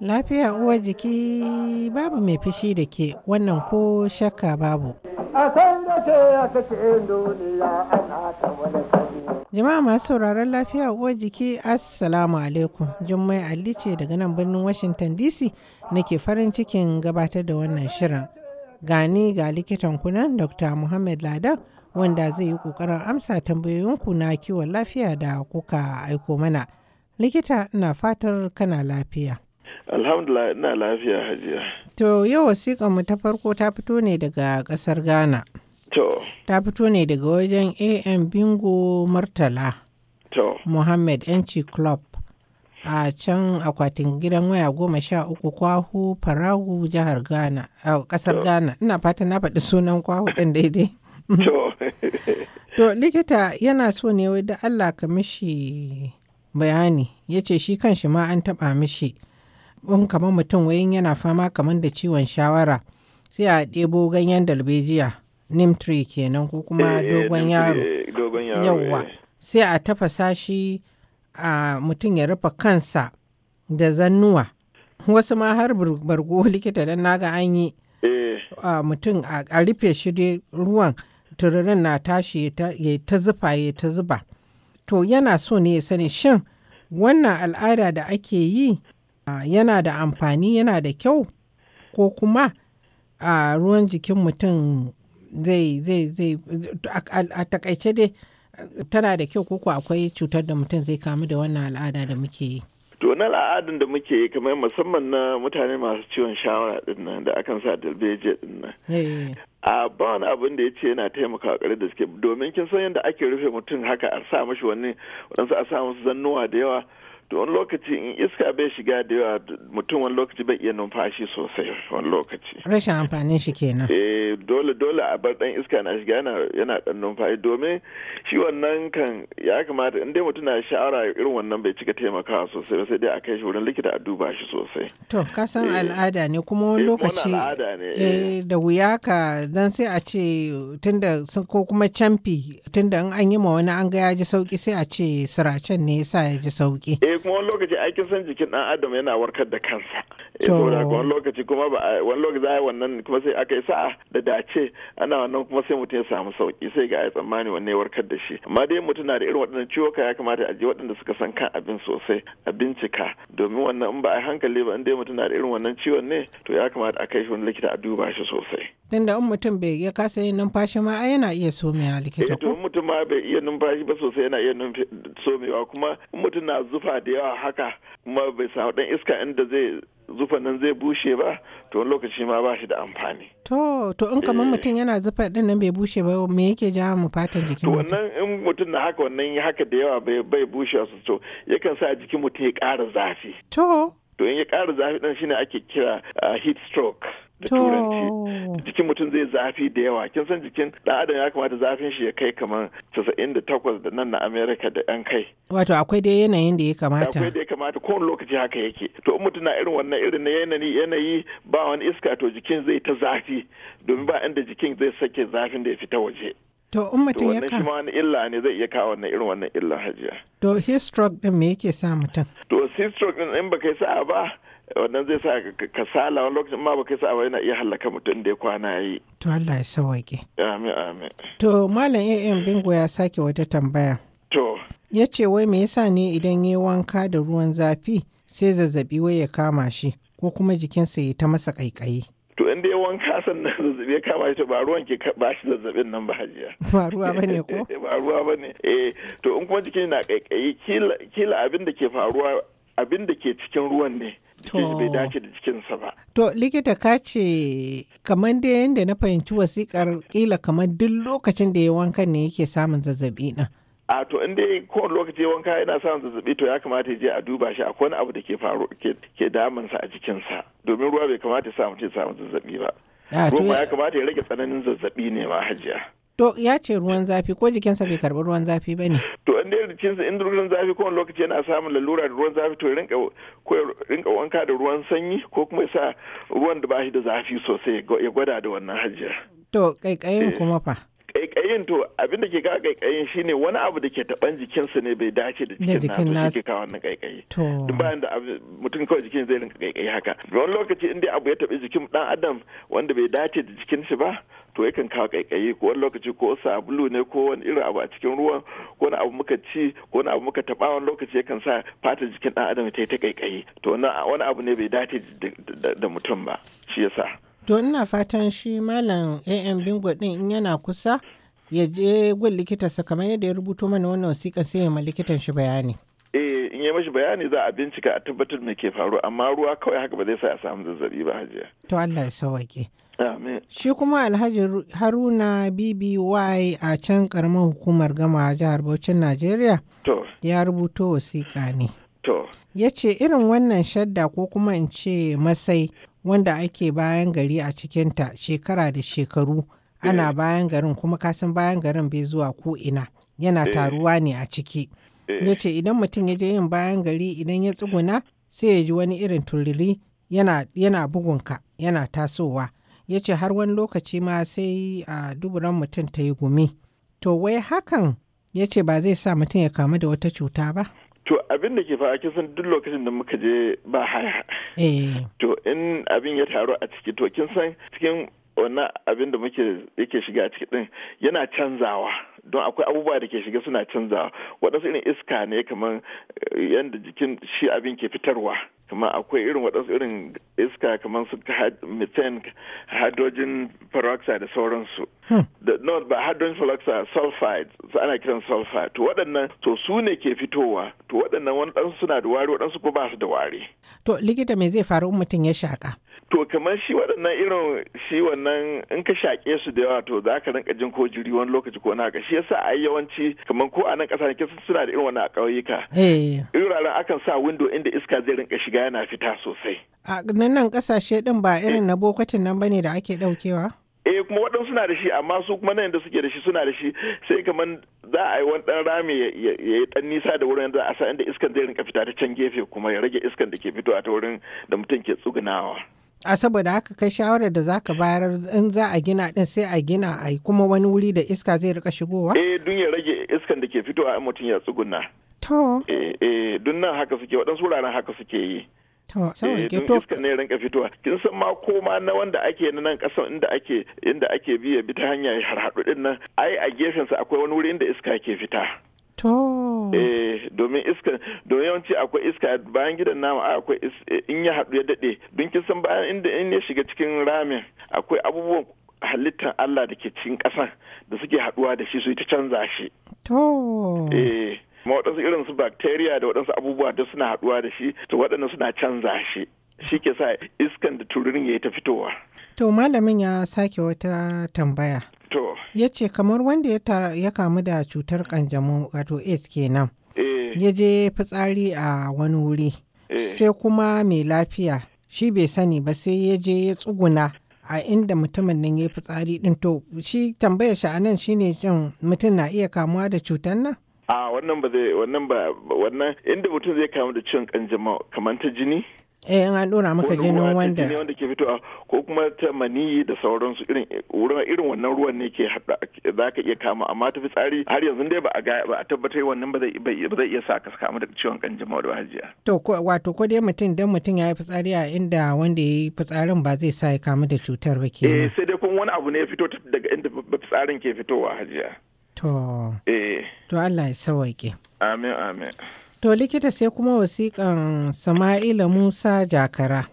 Lafiya uwar jiki babu mai fishi da ke wannan ko shakka babu. Jama'a masu sauraron lafiya uwar jiki Assalamu alaikum. Jummai Ali ce daga nan birnin Washington DC nake farin cikin gabatar da wannan shirin. Gani ga likitan kunan Dr. Muhammad Ladan wanda zai yi ƙoƙarin amsa tambayoyinku na kiwon lafiya da kuka aiko mana. Likita na fatar kana lafiya. Alhamdulillah ina lafiya hajiya. To yau wasiƙa mu ta farko ta fito ne daga ƙasar Ghana. To. Ta fito ne daga wajen AM Bingo Murtala. To. Muhammad Yanci Club. A can akwatin gidan waya goma sha uku kwahu Farahu jihar Ghana, a ƙasar Ghana. Ina fata na faɗi sunan kwahu ɗin daidai. To likita yana so ne wai da Allah ka mishi bayani ya ce shi kan shi ma an taba mishi in kamar mutum wayin yana fama kamar da ciwon shawara sai a ɗebo ganyen dalbejiya nim tree kenan ko kuma eh, dogon yaro yawwa eh. sai a tafasa shi a mutum ya rufe kansa da zannuwa wasu ma har bargo likita don naga an yi eh. mutum a rufe shi ruwan tururin na tashi ya ta zufa ya ta zuba to yana so ne ya sani shin wannan al'ada da ake yi yana da amfani yana da kyau ko kuma a ruwan jikin mutum zai zai zai a takaice dai tana da kyau koko akwai cutar da mutum zai kamu da wannan al'ada da muke yi to na al'adun da muke yi kamar musamman na mutane masu ciwon shawara din da akan sa dalbeje din a ba wani abin da ya ce yana taimaka kare da suke domin kin san yadda ake rufe mutum haka a sa mashi wani wadansu a sa musu zannuwa da yawa to wani lokaci in iska bai shiga da yawa mutum wani lokaci bai iya numfashi sosai wani lokaci rashin amfanin shi kenan eh dole dole a bar dan iska na shiga yana yana dan numfashi domin shi wannan kan ya kamata in dai mutum na shawara irin wannan bai cika taimakawa sosai ba sai dai a kai shi wurin likita a duba shi sosai to ka san eh. al'ada ne kuma wani eh, lokaci eh. eh da wuya ka dan sai a ce tunda ko kuma canfi tunda in an yi ma wani an ga ya ji sauki sai a ce siracen ne yasa ya ji sauki kuma wani lokaci aikin san jikin ɗan adam yana warkar da kansa Eh, ga wani lokaci kuma ba eh, wani lokaci za a yi wannan kuma sai aka yi sa'a da dace ana wannan kuma sai mutum ya samu sauki sai ga ya tsammani wannan ya warkar da shi amma dai mutum na da irin waɗannan ciwoka ya kamata a je waɗanda suka san kan abin sosai a bincika domin wannan in ba a hankali ba in dai mutum na da irin wannan ciwon ne to ya kamata a kai shi wani likita a duba shi sosai. tunda in mutum bai ya kasa yin numfashi ma yana iya somewa likita eh, ko? in mutum ma bai iya numfashi ba sosai yana iya somewa kuma in mutum na zufa da yawa haka kuma bai samu dan iska inda zai zufa nan zai bushe ba to lokaci ma ba shi da amfani. To to in kamar eh. mutum yana zufa din nan bai bushe ba me yake jawo mu fatan jikin To wannan in mutum na haka wannan ya haka da yawa bai bushe su to yakan sa jikin mutum ya ƙara zafi. To to in ya ƙara zafi shi shine ake kira ah, heat stroke. da turanci jikin mutum zai zafi da yawa kin san jikin dan adam ya kamata zafin shi ya kai kamar casa'in da takwas da nan na amerika da yan kai wato akwai dai yanayin da ya kamata akwai da kamata kowane lokaci haka yake to in mutum na irin wannan irin na yanayi yanayi ba wani iska to jikin zai ta zafi domin ba inda jikin zai sake zafin da ya fita waje To in mutum ya ka. shi wani illa ne zai iya kawo wannan irin wannan illa hajiya. To heat stroke din me yake sa mutum? To heat stroke din in ba kai sa'a ba wannan zai sa kasala wani lokacin ma sa'a sa yana iya halaka mutum da ya kwana yi. To Allah ya sawaƙe. Amin amin. To Malam AM Bingo ya sake wata tambaya. To. Ya ce wai me yasa ne idan ya wanka da ruwan zafi sai zazzabi wai ya kama shi ko kuma jikinsa ya ta masa ƙaiƙayi. idan dai wanka sannan zazzabi ya kama shi ba ruwan ke ba shi zazzabin nan ba hajiya ba ruwa ne ko ba ruwa ne eh to in kuma jikin na kaikayi kila abin da ke faruwa abin da ke cikin ruwan ne bai dace da jikinsa ba. To likita ka ce kamar da yadda na fahimci wasikar kila kamar duk lokacin da ya wankan ne yake samun zazzabi na. a to in dai kowane lokaci wanka yana samun zazzabi to ya kamata ya je a duba shi akwai wani abu da ke faru ke damunsa a jikinsa domin ruwa bai kamata ya samu ce samun zazzabi ba ah, ruwa ya kamata ya rage tsananin zazzabi ne ma hajiya to ya ce ruwan zafi ko jikinsa bai karbi ruwan zafi ba ne to in dai jikinsa in ruwan zafi kowane lokaci yana samun lalura da ruwan zafi to rinka ko rinka wanka da ruwan sanyi ko kuma ya sa ruwan da ba shi da zafi sosai ya gwada da wannan hajiya to kaikayin eh. kuma fa kaikayin to abin da ke kawo kaikayin shine wani abu da ke taban jikinsa ne bai dace da jikin nasu ke kawo wannan kaikayi duk bayan da mutum kawai jikin zai rinka kaikayi haka wani lokaci in dai abu ya tabi jikin dan adam wanda bai dace da jikin shi ba to yakan kawo kaikayi ko wani lokaci ko sabulu ne ko wani irin abu a cikin ruwan ko wani abu muka ci ko wani abu muka taba wani lokaci yakan sa fatar jikin dan adam ta yi ta kaikayi to wani abu ne bai dace da mutum ba shi yasa To ina fatan shi malam AM Bingo din in yana kusa ya je gun sa, kamar yadda ya rubuto mana wannan wasiƙa sai ya ma likitan shi bayani. Eh in yi mashi bayani za a bincika a tabbatar me ke faru amma ruwa kawai haka ba zai sa a samu zazzabi ba hajiya. To Allah ya sauwaƙe. Amin. Shi kuma Alhaji Haruna BBY a can karamar hukumar gama a jihar Bauchin Najeriya. To. Ya rubuto wasiƙa ne. To. Ya ce irin wannan shadda ko kuma in ce masai wanda ake bayan gari a cikinta shekara da shekaru ana eh. bayan garin kuma kasan bayan garin bai zuwa ko ina yana eh. taruwa ne a ciki eh. ya ce idan mutum ya je yin bayan gari idan ya tsuguna sai ya ji wani irin tururi yana, yana bugunka yana tasowa ya ce har wani lokaci ma sai a duburan mutum ta yi gumi to wai hakan ya ce ba zai sa mutum ya kamu da wata cuta ba to abin da ke fa kin san duk lokacin da muka je ba haya eh. to in abin ya taru a ciki to kin san cikin wannan abin da muke yake shiga a cikin yana canzawa don akwai abubuwa da ke shiga suna canzawa waɗansu irin iska ne kamar eh, yadda jikin shi abin ke fitarwa kuma akwai irin waɗansu irin iska kamar su methane hydrogen peroxide da sauransu hmm. da no ba hydrogen peroxide sulfide su ana kiran sulfide to waɗannan to su ne ke fitowa to waɗannan wani suna da wari waɗansu ko ba su da wari to likita me zai faru in mutum ya shaƙa to kamar shi waɗannan irin shi wannan in ka shaƙe su da yawa to za ka rinka jin ko jiri wani lokaci ko naka shi yasa a yawanci kamar ko a nan ƙasa ne suna da irin wani a ƙauyuka irin eh. akan sa windo inda iska zai rinka shiga yana fita sosai a nan ƙasashe din ba irin na bokatin nan bane da ake ɗaukewa eh kuma waɗansu suna da shi amma su kuma nan da suke da shi suna da shi sai kamar za a yi wani ɗan rami ya yi ɗan nisa da wurin da a sa inda iskan zai rinka fita ta can gefe kuma ya rage iskan da ke fitowa ta wurin da mutum ke tsugunawa a saboda haka kai shawarar da zaka bayar in za a gina din sai a gina a kuma wani wuri da iska zai rika shigowa eh dun ya rage iskan da ke fitowa a mutun ya tsuguna to eh eh dun nan haka suke waɗansu wuraren haka suke yi To, sauwa ke eh, to. iskan ne rinka fitowa. Kin san ma koma na wanda ake na nan kasan inda ake inda ake biya bi ta hanya har haɗu din nan. Ai a gefen sa akwai wani wuri inda iska ke fita. eh domin iska domin yawanci akwai iska bayan gidan nama akwai eh, in ya haɗu ya daɗe don kisan bayan inda in ya shiga cikin ramin akwai abubuwan halittar Allah da ke cikin ƙasa da suke haɗuwa da shi su ta canza shi. To. Eh, ma waɗansu irin su bacteria da waɗansu abubuwa da suna haɗuwa da shi, to waɗanda suna canza shi. Shi ke sa iskan da tururin ya yi ta fitowa. To malamin ya sake wata tambaya. ya ce kamar wanda ya kamu da cutar kanjamu wato aids kenan eh. ya je fitsari a wani wuri eh. sai kuma mai lafiya shi bai sani ba sai ya je ya tsuguna a inda mutumin nan ya yi fitsari din to shi tambayar shi anan shine jin mutum na iya kamuwa da cutar nan a wannan ba zai wannan ba wannan inda mutum zai kamu da ciwon kanjamau kamar ta jini eh in an dora maka jini wanda ne wanda ke fitowa ko kuma ta maniyi da sauransu irin wurin irin wannan ruwan ne ke hada zaka iya kama amma ta fitsari har yanzu dai ba a ba a tabbatar wannan ba zai ba zai iya sa ka kama daga ciwon kanjamau da hajiya to ko wato ko dai mutum dan mutum ya yi fitsari a inda wanda ya yi fitsarin ba zai sa ya kamu da cutar ba kenan eh sai dai kuma wani abu ne ya fito daga inda fitsarin ke fitowa hajiya to eh to Allah ya sauke amin amin To likita sai kuma wasiƙan Sama'ila Musa Jakara.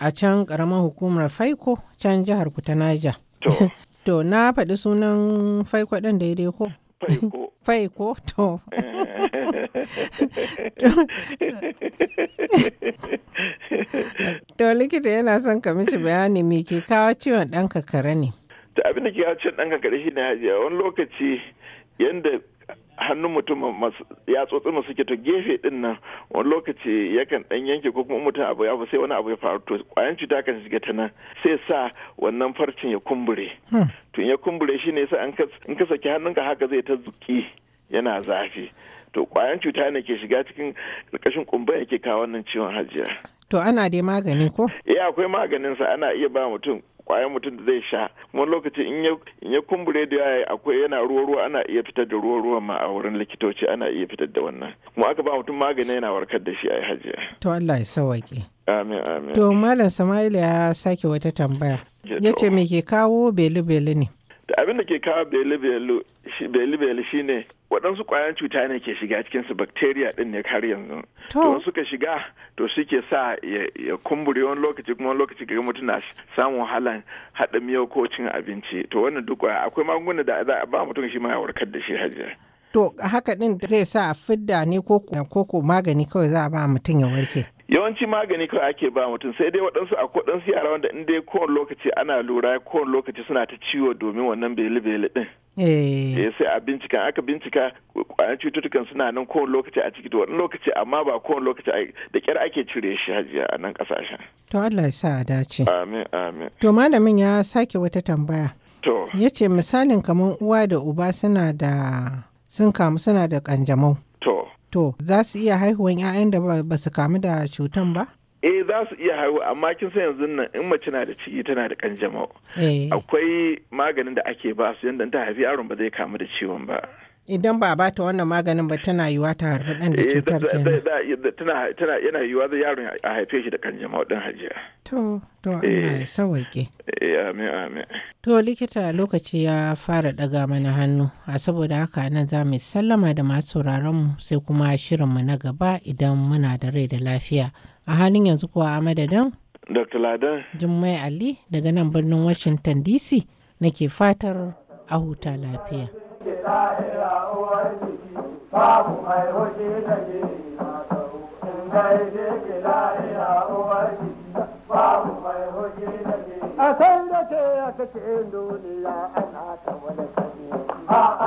A can ƙaramar hukumar Faiko can jihar Kutanaja. To. na faɗi sunan Faiko ɗin daidai ko? Faiko. Faiko to. to likita yana son ka mishi bayani me ke kawo ciwon ɗan kakare ne. Ta abin da ke kawo ciwon ɗan kakare shi ne wani lokaci yanda hannun mutum ya tsotsi mu ke to gefe din nan wani lokaci yakan dan yanke ko kuma mutum abu ya sai wani abu ya faru to kwayan cuta kan shiga ta nan sai sa wannan farcin ya kumbure hmm. to ya kumbure shine sai in ka saki hannunka haka zai ta zuki yana zafi to kwayan cuta ne ke shiga cikin karkashin kumban yake kawo wannan ciwon hajiya to ana dai magani ko eh akwai maganin sa ana iya ba mutum kwayan mutum da zai sha wani lokaci in ya kumbure da yaya akwai yana ruwa ruwa ana iya fitar da ruwa ruwa ma a wurin likitoci ana iya fitar da wannan kuma aka ba mutum magani yana warkar da shi a hajiya to Allah ya sawaƙe amin amin to malam Sama'ila ya sake wata tambaya yace me ke kawo belu belu ne da abin da ke kawo belibeli ne waɗansu ƙwayan cuta ne ke shiga cikin su bakteriya ɗin ne har yanzu to suka shiga to suke sa ya kumbure wani lokaci kuma lokaci ga mutum na samun wahalan haɗa miyau ko cin abinci to wannan duk akwai magunguna da za a ba mutum shi ma ya warkar da shi hajiya to haka ɗin zai sa fidda ne ko ko magani kawai za a ba mutum ya warke yawanci magani kawai ake ba mutum sai dai waɗansu a waɗansu yara wanda in dai kowane lokaci ana lura kowane lokaci suna ta ciwo domin wannan beli-beli ɗin. Eh. eh sai a bincika aka bincika kwayan cututtukan suna nan kowane lokaci a ciki wani lokaci amma ba kowane lokaci da kyar ake cire shi hajiya a nan ƙasashen. To Allah ya sa a dace. Amin amin. To malamin ya sake wata tambaya. To. Ya ce misalin kamar uwa da uba suna da sun kamu suna da ƙanjamau. To, za su iya haihuwan 'ya'yan da ba su kamu da cutan ba? Eh za su iya haihu amma kin san yanzu nan in mace na da ciki tana da kanjamau. Eh. Akwai maganin da ake ba su yadda ta haifi yaron ba zai kamu da ciwon ba. idan ba a bata wannan maganin ba tana yiwuwa ta harfi ɗan da eh, cutar kenan tana yana yiwuwa da yaron a haife shi da kan jama'a, din hajiya to to Allah eh. ya eh, amin amin to likita lokaci ya fara ɗaga mana hannu a saboda haka nan za mu sallama da masu sauraron mu sai kuma shirin mu na gaba idan muna da rai da lafiya a halin yanzu kuwa a madadin Dr. Ladan. Jummai Ali daga nan birnin Washington DC nake fatar a huta lafiya. lahira uwar jiki babu mai waje da ke jiki mai a san da ke ya kace duniya ana ta wani kare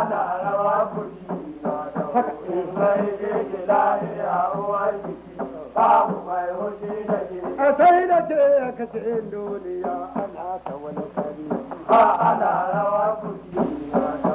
ana rawa kuɗi masaru in dai je ki lahira uwar jiki babu mai hoshi da ke a san da ke ya kace duniya ana ta wani kare a ana rawa kuɗi masaru